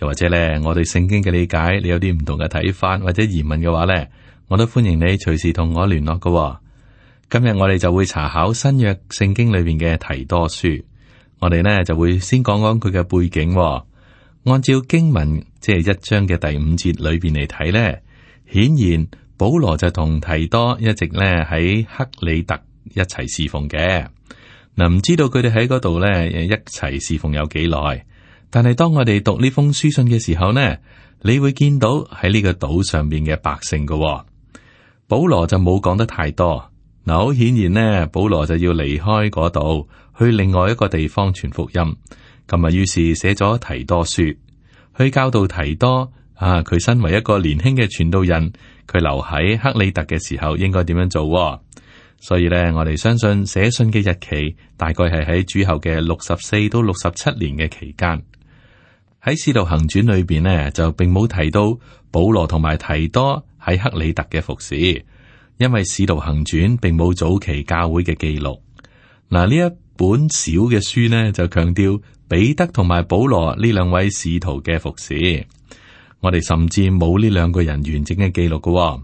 又或者咧，我對聖經嘅理解，你有啲唔同嘅睇法或者疑問嘅話咧，我都歡迎你隨時同我聯絡嘅喎。今日我哋就會查考新約聖經裏邊嘅提多書，我哋咧就會先講講佢嘅背景喎。按照經文即係一章嘅第五節裏邊嚟睇咧，顯然保羅就同提多一直咧，喺克里特一齊侍奉嘅。嗱，唔知道佢哋喺嗰度咧一齊侍奉有幾耐？但係，當我哋讀呢封書信嘅時候呢，你會見到喺呢個島上面嘅百姓嘅，哦、保羅就冇講得太多嗱。好，呃、顯然呢，保羅就要離開嗰度去另外一個地方傳福音。咁日於是寫咗提多書去教導提多啊。佢身為一個年輕嘅傳道人，佢留喺克里特嘅時候應該點樣做，哦？所以呢，我哋相信寫信嘅日期大概係喺主後嘅六十四到六十七年嘅期間。喺使徒行傳裏邊呢，就並冇提到保羅同埋提多喺克里特嘅服侍，因為使徒行傳並冇早期教會嘅記錄。嗱，呢一本小嘅書呢，就強調彼得同埋保羅呢兩位使徒嘅服侍。我哋甚至冇呢兩個人完整嘅記錄㗎。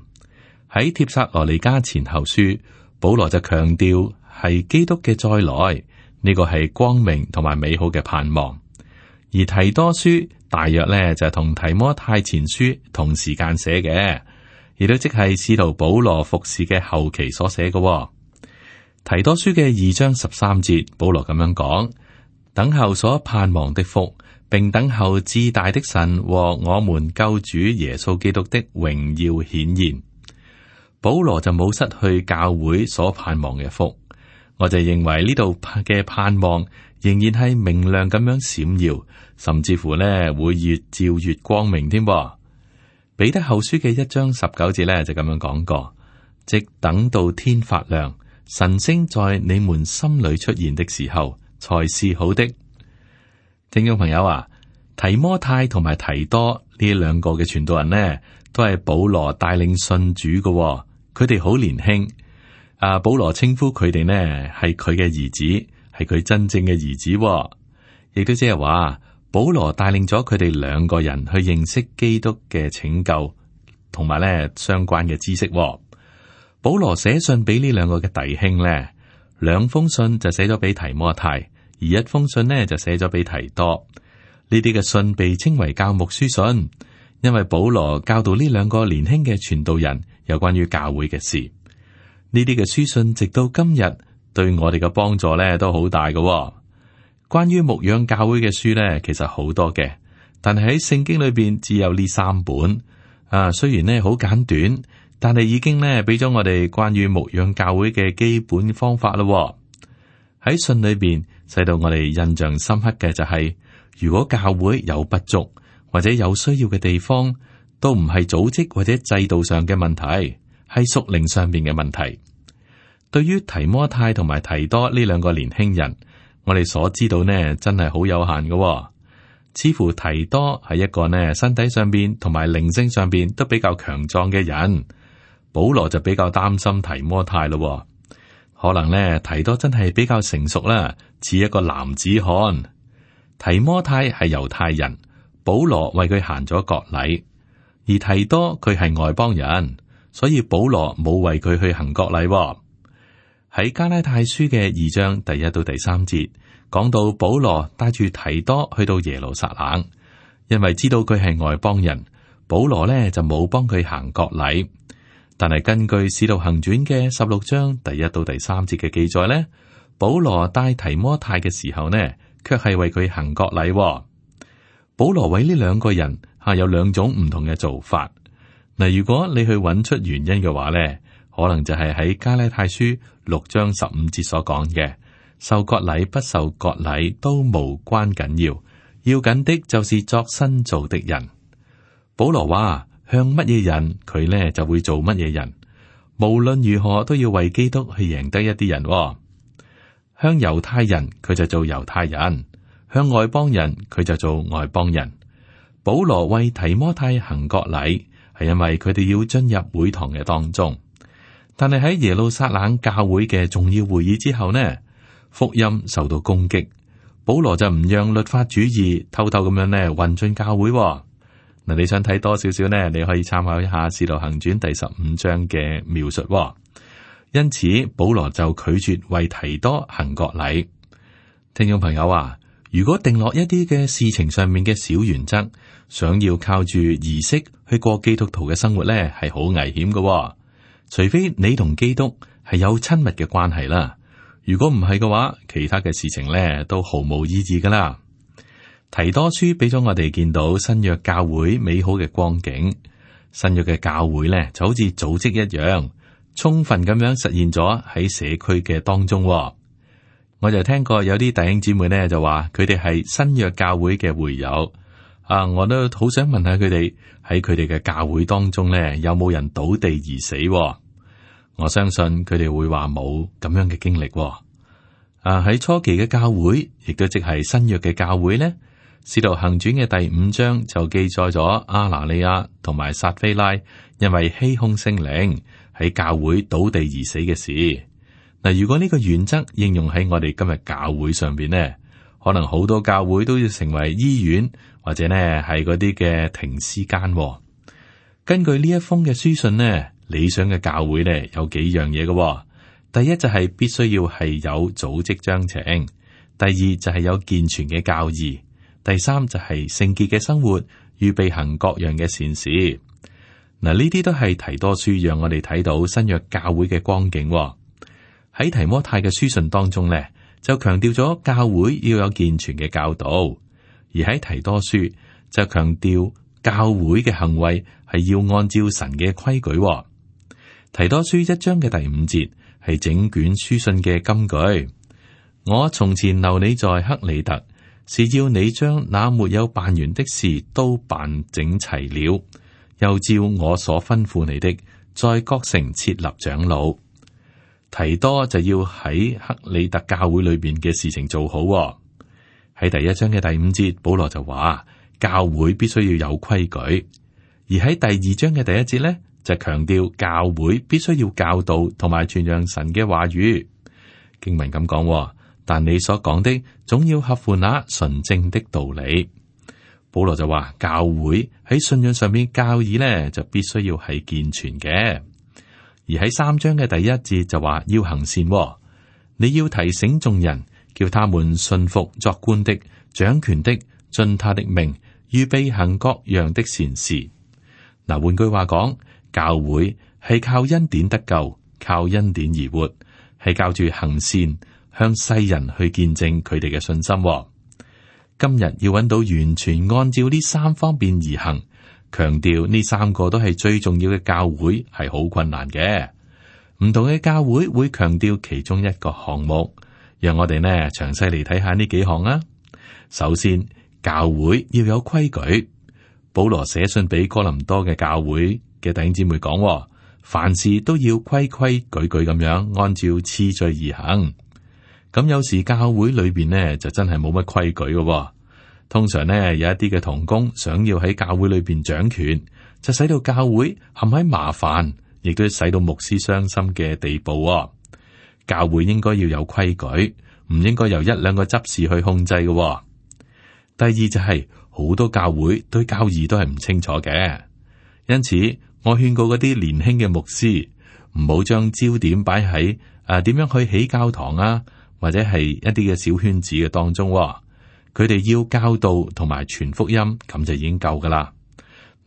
喺帖撒羅尼加前後書，保羅就強調係基督嘅再來，呢個係光明同埋美好嘅盼望。而提多書大約呢，就係同提摩太前書同時間寫嘅，亦都即係使徒保羅服侍嘅後期所寫嘅。提多書嘅二章十三節，保羅咁樣講：等候所盼望的福，並等候至大的神和我們救主耶穌基督的榮耀顯現。保羅就冇失去教會所盼望嘅福，我就認為呢度嘅盼望。仍然係明亮咁樣閃耀，甚至乎呢會越照越光明添噃，彼得後書嘅一章十九節呢，就咁樣講過：即等到天發亮，晨星在你們心裏出現的時候，才是好的。聽眾朋友啊，提摩太同埋提多呢兩個嘅傳道人呢，都係保羅帶領信主嘅，佢哋好年輕。啊，保羅稱呼佢哋呢係佢嘅兒子。係佢真正嘅兒子、哦，亦都即係話保羅帶領咗佢哋兩個人去認識基督嘅拯救，同埋咧相關嘅知識、哦。保羅寫信俾呢兩個嘅弟兄咧，兩封信就寫咗俾提摩太，而一封信呢就寫咗俾提多。呢啲嘅信被稱為教牧書信，因為保羅教導呢兩個年輕嘅傳道人有關於教會嘅事。呢啲嘅書信直到今日。對我哋嘅幫助咧都好大嘅、哦。關於牧養教會嘅書咧，其實好多嘅，但係喺聖經裏邊只有呢三本啊。雖然咧好簡短，但係已經咧俾咗我哋關於牧養教會嘅基本方法咯、哦。喺信裏邊，使到我哋印象深刻嘅就係、是，如果教會有不足或者有需要嘅地方，都唔係組織或者制度上嘅問題，係屬靈上面嘅問題。對於提摩太同埋提多呢兩個年輕人，我哋所知道呢，真係好有限噶、哦。似乎提多係一個呢身體上邊同埋靈性上邊都比較強壯嘅人。保羅就比較擔心提摩太咯、哦，可能呢提多真係比較成熟啦，似一個男子漢。提摩太係猶太人，保羅為佢行咗國禮，而提多佢係外邦人，所以保羅冇為佢去行國禮、哦。喺加拉太書嘅二章第一到第三節，講到保羅帶住提多去到耶路撒冷，因為知道佢係外邦人，保羅呢就冇幫佢行國禮。但係根據使徒行傳嘅十六章第一到第三節嘅記載呢，保羅帶提摩太嘅時候呢，卻係為佢行國禮。保羅為呢兩個人係有兩種唔同嘅做法。嗱，如果你去揾出原因嘅話呢。可能就係喺加拉太書六章十五節所講嘅，受割禮不受割禮都無關緊要，要緊的就是作新造的人。保羅話：向乜嘢人佢呢就會做乜嘢人。無論如何都要為基督去贏得一啲人。向猶太人佢就做猶太人，向外邦人佢就做外邦人。保羅為提摩太行割禮，係因為佢哋要進入會堂嘅當中。但係喺耶路撒冷教會嘅重要會議之後呢，福音受到攻擊，保羅就唔讓律法主義偷偷咁樣呢混進教會。嗱，你想睇多少少呢？你可以參考一下《使徒行傳》第十五章嘅描述。因此，保羅就拒絕為提多行國禮。聽眾朋友啊，如果定落一啲嘅事情上面嘅小原則，想要靠住儀式去過基督徒嘅生活呢，係好危險嘅。除非你同基督係有親密嘅關係啦，如果唔係嘅話，其他嘅事情咧都毫無意義噶啦。提多書俾咗我哋見到新約教會美好嘅光景，新約嘅教會咧就好似組織一樣，充分咁樣實現咗喺社區嘅當中喎。我就聽過有啲弟兄姊妹咧就話佢哋係新約教會嘅會友。啊！我都好想問下佢哋喺佢哋嘅教會當中呢，有冇人倒地而死？我相信佢哋會話冇咁樣嘅經歷、啊。啊！喺初期嘅教會，亦都即係新約嘅教會呢。使徒行傳嘅第五章就記載咗亞拿尼亞同埋撒非喇因為欺哄聖靈喺教會倒地而死嘅事。嗱、啊，如果呢個原則應用喺我哋今日教會上邊呢，可能好多教會都要成為醫院。或者呢，係嗰啲嘅停屍間、哦。根據呢一封嘅書信呢，理想嘅教會呢，有幾樣嘢嘅、哦。第一就係必須要係有組織章程，第二就係有健全嘅教義，第三就係聖潔嘅生活，預備行各樣嘅善事。嗱，呢啲都係提多書讓我哋睇到新約教會嘅光景、哦。喺提摩太嘅書信當中呢，就強調咗教會要有健全嘅教導。而喺提多書就強調教會嘅行為係要按照神嘅規矩。提多書一章嘅第五節係整卷書信嘅金句。我從前留你在克里特，是要你將那沒有辦完的事都辦整齊了，又照我所吩咐你的，在各城設立長老。提多就要喺克里特教會裏邊嘅事情做好。喺第一章嘅第五節，保羅就話教會必須要有規矩；而喺第二章嘅第一節呢，就強調教會必須要教導同埋傳揚神嘅話語。經文咁講喎，但你所講的總要合乎那純正的道理。保羅就話，教會喺信仰上面教義呢，就必須要係健全嘅；而喺三章嘅第一節就話要行善喎，你要提醒眾人。叫他們信服作官的、掌權的，遵他的命，預備行各樣的善事。嗱，換句話講，教會係靠恩典得救，靠恩典而活，係教住行善，向世人去見證佢哋嘅信心。今日要揾到完全按照呢三方面而行，強調呢三個都係最重要嘅教會，係好困難嘅。唔同嘅教會，會會強調其中一個項目。讓我哋呢詳細嚟睇下呢幾項啊。首先，教會要有規矩。保羅寫信俾哥林多嘅教會嘅弟兄姊妹講，凡事都要規規矩矩咁樣，按照次序而行。咁有時教會裏邊呢就真係冇乜規矩嘅。通常呢有一啲嘅同工想要喺教會裏邊掌權，就使到教會陷喺麻煩，亦都使到牧師傷心嘅地步啊。教會應該要有規矩，唔應該由一兩個執事去控制嘅、哦。第二就係、是、好多教會對教義都係唔清楚嘅，因此我勸告嗰啲年輕嘅牧師唔好將焦點擺喺誒點樣去起教堂啊，或者係一啲嘅小圈子嘅當中、哦。佢哋要教導同埋傳福音，咁就已經夠噶啦。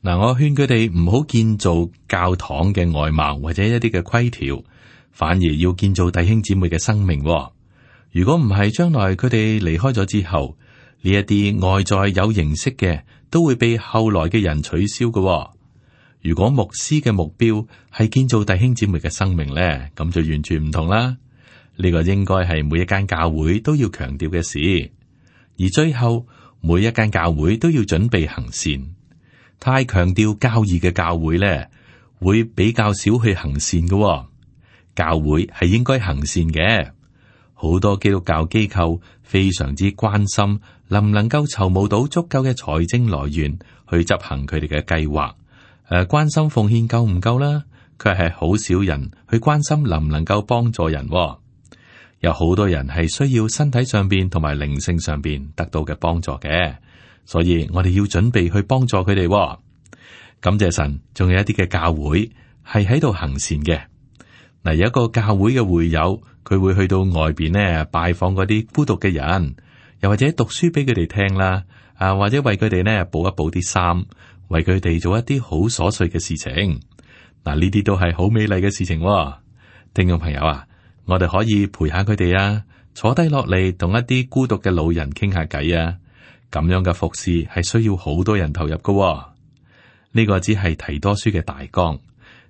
嗱、啊，我勸佢哋唔好建造教堂嘅外貌或者一啲嘅規條。反而要建造弟兄姊妹嘅生命、哦。如果唔係，將來佢哋離開咗之後，呢一啲外在有形式嘅都會被後來嘅人取消嘅、哦。如果牧師嘅目標係建造弟兄姊妹嘅生命咧，咁就完全唔同啦。呢個應該係每一間教會都要強調嘅事。而最後，每一間教會都要準備行善。太強調教義嘅教會咧，會比較少去行善嘅、哦。教會係應該行善嘅，好多基督教機構非常之關心能唔能夠籌募到足夠嘅財政來源去執行佢哋嘅計劃。誒、呃，關心奉獻夠唔夠啦？佢係好少人去關心能唔能夠幫助人、喎。有好多人係需要身體上邊同埋靈性上邊得到嘅幫助嘅，所以我哋要準備去幫助佢哋、喎。感謝神，仲有一啲嘅教會係喺度行善嘅。嗱，有一個教會嘅會友，佢會去到外邊咧拜訪嗰啲孤獨嘅人，又或者讀書俾佢哋聽啦，啊，或者為佢哋咧補一補啲衫，為佢哋做一啲好瑣碎嘅事情。嗱，呢啲都係好美麗嘅事情，哦。聽眾朋友啊，我哋可以陪下佢哋啊，坐低落嚟同一啲孤獨嘅老人傾下偈啊。咁樣嘅服侍係需要好多人投入嘅，哦。呢，這個只係提多書嘅大綱。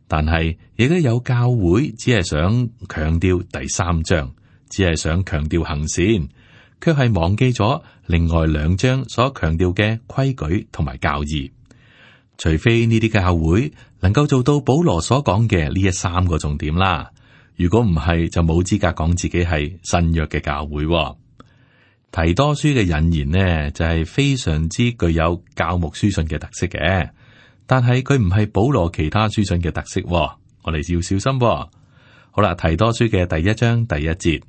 但係，亦都有教會只係想強調第三章，只係想強調行善，卻係忘記咗另外兩章所強調嘅規矩同埋教義。除非呢啲嘅教會能夠做到保羅所講嘅呢一三個重點啦，如果唔係，就冇資格講自己係新約嘅教會。提多書嘅引言呢，就係非常之具有教牧書信嘅特色嘅。但係佢唔係保羅其他書信嘅特色，哦，我哋要小心，哦。好啦，提多書嘅第一章第一節，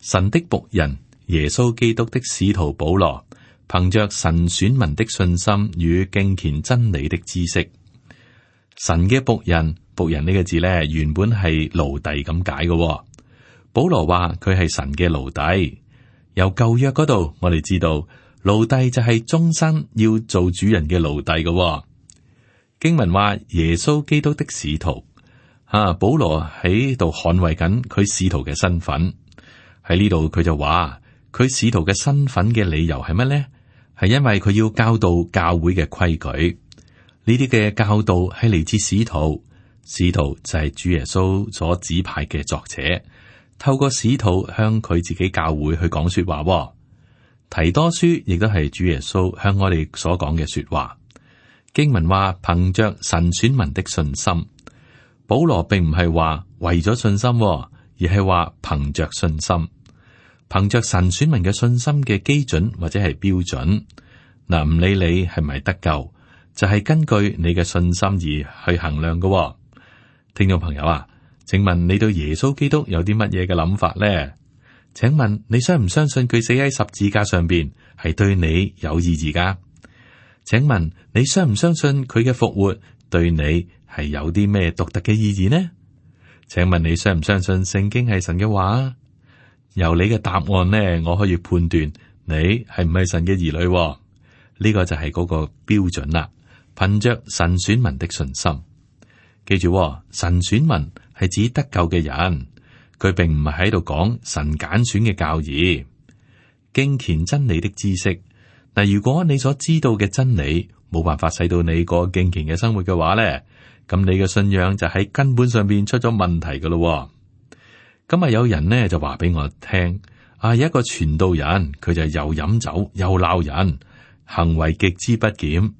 神的僕人，耶穌基督的使徒保羅，憑着神選民的信心與敬虔真理的知識，神嘅僕人僕人呢個字呢，原本係奴隸咁解嘅。保羅話佢係神嘅奴隸，由舊約嗰度，我哋知道奴隸就係終身要做主人嘅奴隸嘅、哦。經文話耶穌基督的使徒，啊，保羅喺度捍衛緊佢使徒嘅身份。喺呢度佢就話佢使徒嘅身份嘅理由係乜呢？係因為佢要教導教會嘅規矩。呢啲嘅教導係嚟自使徒，使徒就係主耶穌所指派嘅作者，透過使徒向佢自己教會去講說話。提多書亦都係主耶穌向我哋所講嘅說話。經文話，憑着神選民的信心，保羅並唔係話為咗信心，而係話憑着信心，憑着神選民嘅信心嘅基準或者係標準。嗱，唔理你係咪得救，就係根據你嘅信心而去衡量嘅。聽眾朋友啊，請問你對耶穌基督有啲乜嘢嘅諗法咧？請問你相唔相信佢死喺十字架上邊係對你有意義噶？請問你相唔相信佢嘅復活對你係有啲咩獨特嘅意義呢？請問你相唔相信聖經係神嘅話？由你嘅答案呢，我可以判斷你係唔係神嘅兒女、哦。呢、這個就係嗰個標準啦。憑着神選民的信心，記住、哦、神選民係指得救嘅人，佢並唔係喺度講神揀選嘅教義、敬虔真理的知識。但如果你所知道嘅真理冇辦法使到你過敬虔嘅生活嘅話咧，咁你嘅信仰就喺根本上邊出咗問題嘅咯。咁啊，有人咧就話俾我聽，啊，有一個傳道人，佢就又飲酒又鬧人，行為極之不檢。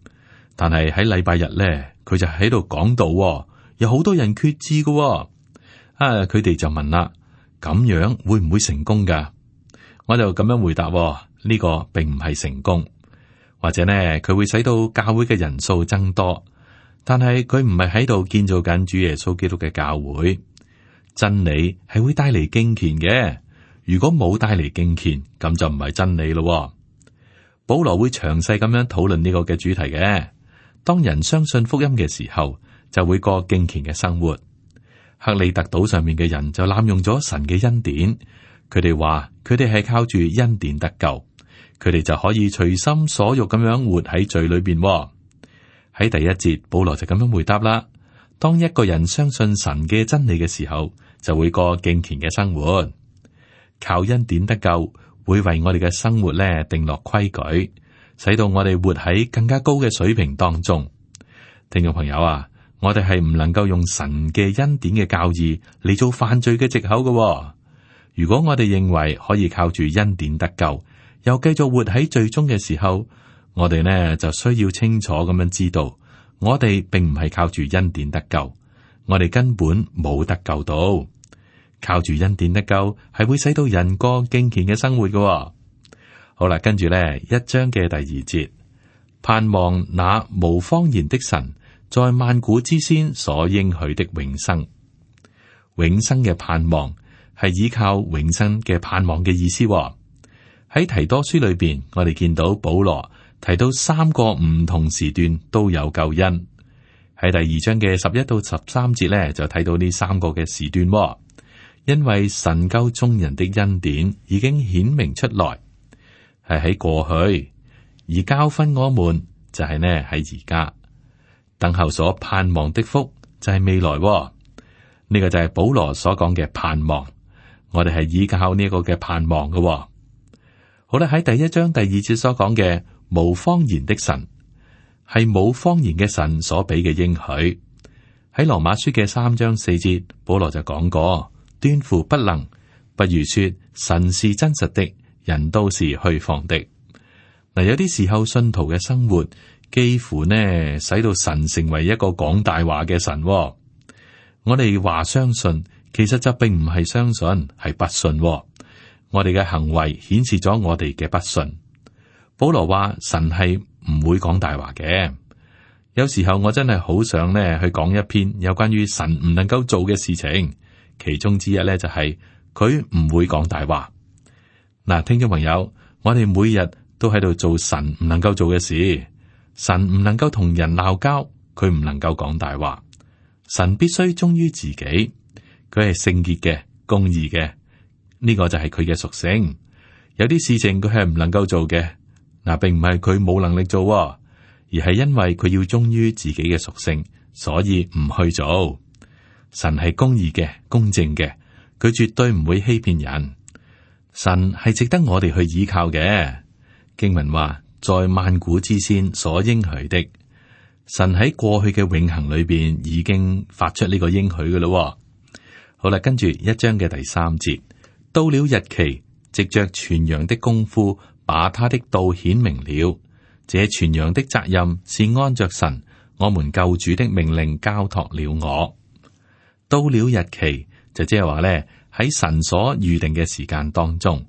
但係喺禮拜日咧，佢就喺度講道，有好多人決志嘅。啊，佢哋就問啦，咁樣會唔會成功噶？我就咁樣回答。呢個並唔係成功，或者呢，佢會使到教會嘅人數增多，但係佢唔係喺度建造緊主耶穌基督嘅教會。真理係會帶嚟敬虔嘅，如果冇帶嚟敬虔，咁就唔係真理咯。保羅會詳細咁樣討論呢個嘅主題嘅。當人相信福音嘅時候，就會過敬虔嘅生活。克里特島上面嘅人就濫用咗神嘅恩典，佢哋話佢哋係靠住恩典得救。佢哋就可以隨心所欲咁樣活喺罪裏邊喎、哦。喺第一節，保羅就咁樣回答啦：當一個人相信神嘅真理嘅時候，就會過敬虔嘅生活，靠恩典得救，會為我哋嘅生活咧定落規矩，使到我哋活喺更加高嘅水平當中。聽眾朋友啊，我哋係唔能夠用神嘅恩典嘅教義嚟做犯罪嘅借口嘅、哦。如果我哋認為可以靠住恩典得救，又繼續活喺最終嘅時候，我哋呢就需要清楚咁樣知道，我哋並唔係靠住恩典得救，我哋根本冇得救到。靠住恩典得救係會使到人過敬虔嘅生活嘅、哦。好啦，跟住呢一章嘅第二節，盼望那無謊言的神在萬古之先所應許的永生，永生嘅盼望係依靠永生嘅盼望嘅意思、哦。喺提多書裏邊，我哋見到保羅提到三個唔同時段都有救恩。喺第二章嘅十一到十三節咧，就睇到呢三個嘅時段、哦。因為神交中人的恩典已經顯明出來，係喺過去，而教訓我們就係呢喺而家，等候所盼望的福就係未來、哦。呢個就係保羅所講嘅盼望，我哋係依靠呢個嘅盼望嘅、哦。我哋喺第一章第二節所講嘅無謊言的神，係冇謊言嘅神所俾嘅應許。喺羅馬書嘅三章四節，保羅就講過：斷乎不能，不如說神是真實的，人都是虛謊的。嗱，有啲時候信徒嘅生活，幾乎呢使到神成為一個講大話嘅神，哦。我哋話相信，其實就並唔係相信，係不信，哦。我哋嘅行為顯示咗我哋嘅不順。保羅話神係唔會講大話嘅。有時候我真係好想呢去講一篇有關於神唔能夠做嘅事情。其中之一呢就係佢唔會講大話。嗱，聽眾朋友，我哋每日都喺度做神唔能夠做嘅事。神唔能夠同人鬧交，佢唔能夠講大話。神必須忠於自己，佢係聖潔嘅、公義嘅。呢個就係佢嘅屬性，有啲事情佢係唔能夠做嘅。嗱，並唔係佢冇能力做，而係因為佢要忠於自己嘅屬性，所以唔去做。神係公義嘅、公正嘅，佢絕對唔會欺騙人。神係值得我哋去依靠嘅。經文話，在萬古之先所應許的，神喺過去嘅永恆裏邊已經發出呢個應許嘅咯。好啦，跟住一章嘅第三節。到了日期，藉着傳揚的功夫，把他的道顯明了。這傳揚的責任是安着神，我們救主的命令交託了我。到了日期，就即係話咧喺神所預定嘅時間當中，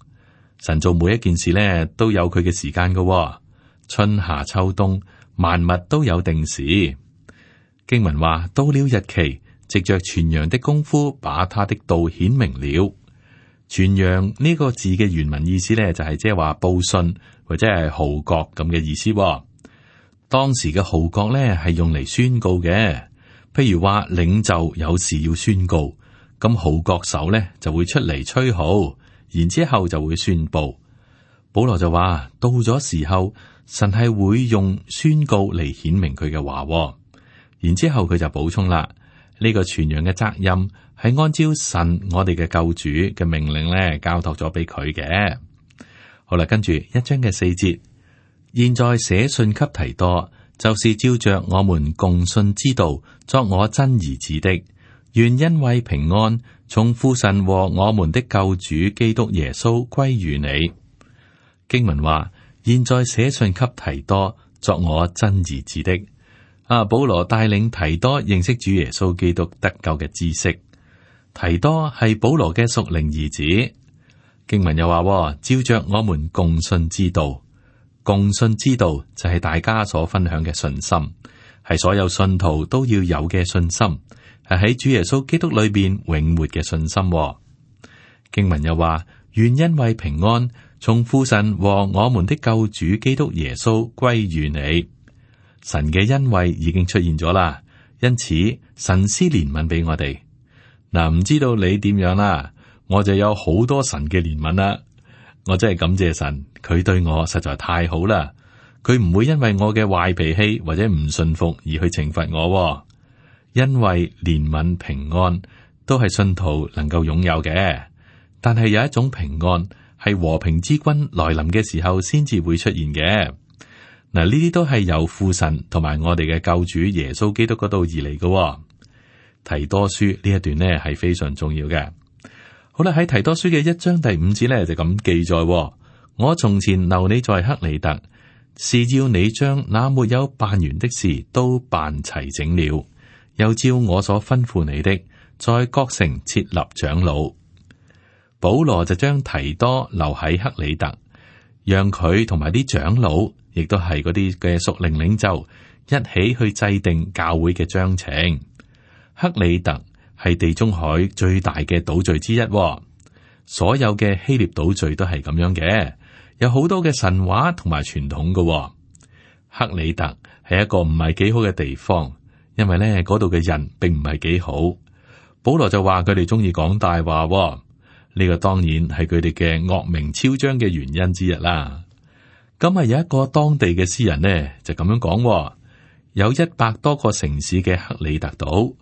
神做每一件事呢，都有佢嘅時間噶、哦。春夏秋冬，萬物都有定時。經文話：到了日期，藉着傳揚的功夫，把他的道顯明了。傳揚呢個字嘅原文意思咧，就係即係話報信或者係號角咁嘅意思、哦。當時嘅號角咧係用嚟宣告嘅，譬如話領袖有事要宣告，咁號角手咧就會出嚟吹號，然之後就會宣布。保羅就話，到咗時候，神係會用宣告嚟顯明佢嘅話、哦，然之後佢就補充啦。呢個傳揚嘅責任係按照神我哋嘅救主嘅命令咧，交託咗畀佢嘅。好啦，跟住一章嘅四節，現在寫信給提多，就是照着我們共信之道作我真兒子的，願因為平安從父神和我們的救主基督耶穌歸於你。經文話：現在寫信給提多，作我真兒子的。啊！保羅帶領提多認識主耶穌基督得救嘅知識。提多係保羅嘅屬靈兒子。經文又話、哦：照着我們共信之道，共信之道就係大家所分享嘅信心，係所有信徒都要有嘅信心，係喺主耶穌基督裏邊永活嘅信心。經文又話：願恩惠、平安，從父神和我們的救主基督耶穌歸於你。神嘅恩惠已經出現咗啦，因此神施憐憫畀我哋。嗱，唔知道你點樣啦，我就有好多神嘅憐憫啦。我真係感謝神，佢對我實在太好啦。佢唔會因為我嘅壞脾氣或者唔信服而去懲罰我。因為憐憫平安都係信徒能夠擁有嘅，但係有一種平安係和平之君來臨嘅時候先至會出現嘅。嗱，呢啲都係由父神同埋我哋嘅救主耶穌基督嗰度而嚟嘅。哦。提多書呢一段呢係非常重要嘅。好啦，喺提多書嘅一章第五節呢，就咁記載、哦：我從前留你在克里特，是要你將那沒有辦完的事都辦齊整了，又照我所吩咐你的，在各城設立長老。保羅就將提多留喺克里特，讓佢同埋啲長老。亦都係嗰啲嘅屬靈領袖，一起去制定教會嘅章程。克里特係地中海最大嘅島嶼之一，所有嘅希臘島嶼都係咁樣嘅，有好多嘅神話同埋傳統嘅。克里特係一個唔係幾好嘅地方，因為咧嗰度嘅人並唔係幾好。保羅就話佢哋中意講大話，呢個當然係佢哋嘅惡名昭彰嘅原因之一啦。咁啊，有一個當地嘅詩人呢，就咁樣講、喎，有一百多個城市嘅克里特島，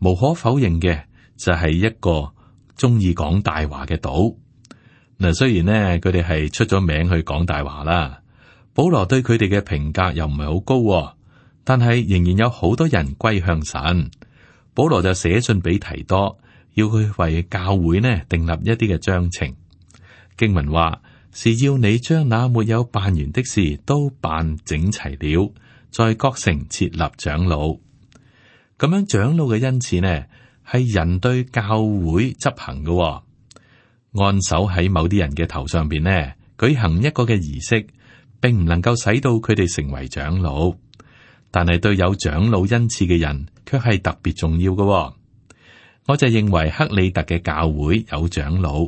無可否認嘅就係一個中意講大話嘅島。嗱，雖然呢，佢哋係出咗名去講大話啦，保羅對佢哋嘅評價又唔係好高、喎，但係仍然有好多人歸向神。保羅就寫信俾提多，要去為教會呢訂立一啲嘅章程。經文話。是要你將那沒有辦完的事都辦整齊了，在各城設立長老。咁樣長老嘅恩賜呢，係人對教會執行嘅、哦、按手喺某啲人嘅頭上邊呢，舉行一個嘅儀式，並唔能夠使到佢哋成為長老。但係對有長老恩賜嘅人，卻係特別重要嘅、哦。我就認為克里特嘅教會有長老。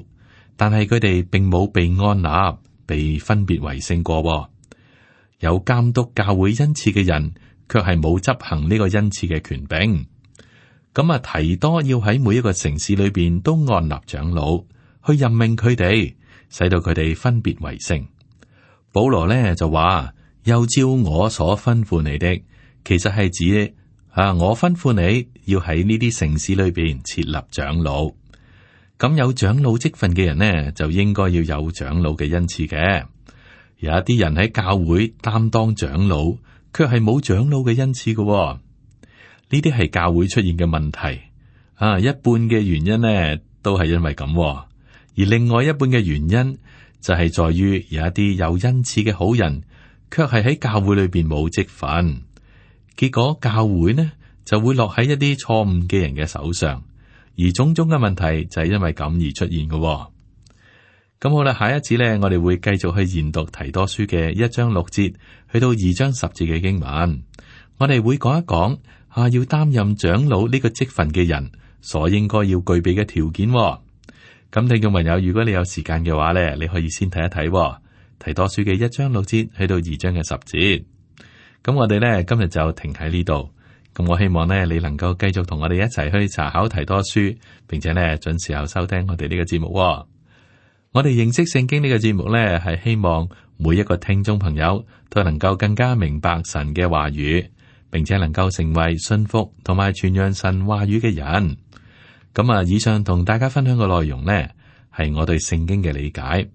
但係佢哋並冇被按立，被分別為聖過。有監督教會恩賜嘅人，卻係冇執行呢個恩賜嘅權柄。咁啊，提多要喺每一個城市裏邊都按立長老，去任命佢哋，使到佢哋分別為聖。保羅呢就話：又照我所吩咐你的，其實係指啊，我吩咐你要喺呢啲城市裏邊設立長老。咁有長老職份嘅人呢，就應該要有長老嘅恩賜嘅。有一啲人喺教會擔當長老，卻係冇長老嘅恩賜嘅。呢啲係教會出現嘅問題啊！一半嘅原因呢，都係因為咁。而另外一半嘅原因就係在於有一啲有恩賜嘅好人，卻係喺教會裏邊冇職份，結果教會呢就會落喺一啲錯誤嘅人嘅手上。而種種嘅問題就係因為咁而出現嘅、哦。咁好啦，下一節呢，我哋會繼續去研讀提多書嘅一章六節去到二章十節嘅經文。我哋會講一講啊，要擔任長老呢個職份嘅人所應該要具備嘅條件、哦。咁聽眾朋友，如果你有時間嘅話呢，你可以先睇一睇、哦、提多書嘅一章六節去到二章嘅十節。咁我哋呢，今日就停喺呢度。咁我希望呢，你能夠繼續同我哋一齊去查考提多書，並且呢，準時候收聽我哋呢個節目喎。我哋認識聖經呢個節目呢，係希望每一個聽眾朋友都能夠更加明白神嘅話語，並且能夠成為信服同埋傳揚神話語嘅人。咁啊，以上同大家分享嘅內容呢，係我對聖經嘅理解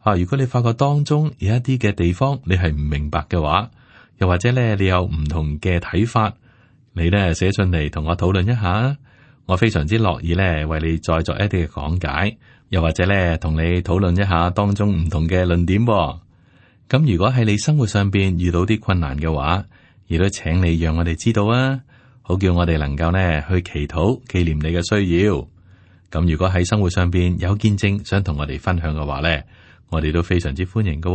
啊。如果你發覺當中有一啲嘅地方你係唔明白嘅話，又或者呢，你有唔同嘅睇法。你咧寫信嚟，同我討論一下，我非常之樂意咧，為你再作一啲嘅講解，又或者咧同你討論一下當中唔同嘅論點。咁如果喺你生活上邊遇到啲困難嘅話，亦都請你讓我哋知道啊，好叫我哋能夠呢去祈禱紀念你嘅需要。咁如果喺生活上邊有見證想同我哋分享嘅話咧，我哋都非常之歡迎噶。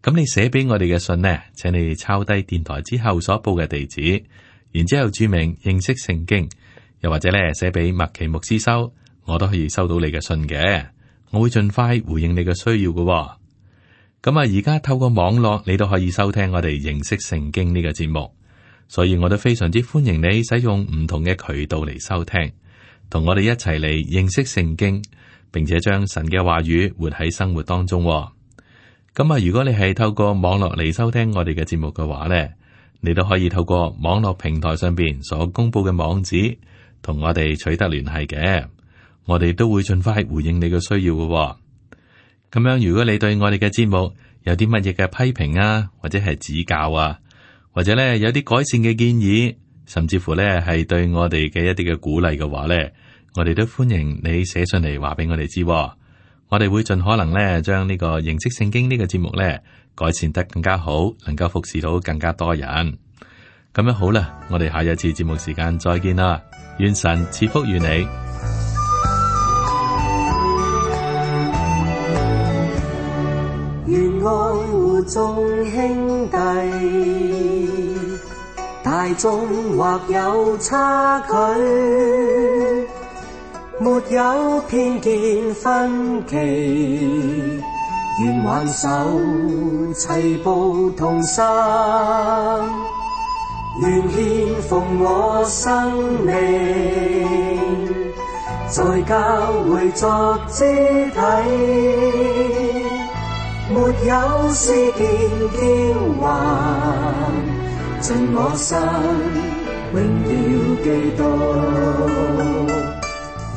咁你寫俾我哋嘅信呢，請你抄低電台之後所報嘅地址。然之後注明認識聖經，又或者咧寫俾麥奇牧師收，我都可以收到你嘅信嘅，我會盡快回應你嘅需要嘅。咁啊，而家透過網絡，你都可以收聽我哋認識聖經呢個節目，所以我都非常之歡迎你使用唔同嘅渠道嚟收聽，同我哋一齊嚟認識聖經，並且將神嘅話語活喺生活當中。咁啊，如果你係透過網絡嚟收聽我哋嘅節目嘅話咧。你都可以透過網絡平台上邊所公布嘅網址，同我哋取得聯繫嘅。我哋都會盡快回應你嘅需要嘅。咁樣，如果你對我哋嘅節目有啲乜嘢嘅批評啊，或者係指教啊，或者咧有啲改善嘅建議，甚至乎咧係對我哋嘅一啲嘅鼓勵嘅話咧，我哋都歡迎你寫信嚟，話俾我哋知。我哋會盡可能咧，將呢個認識聖經呢個節目咧，改善得更加好，能夠服侍到更加多人。咁樣好啦，我哋下一次節目時間再見啦，願神賜福於你，願愛護眾兄弟，大眾或有差距。沒有偏見分歧，願挽手齊步同生，願獻奉我生命，在教會作肢體。沒有事件牽掛，盡我心永遠記得。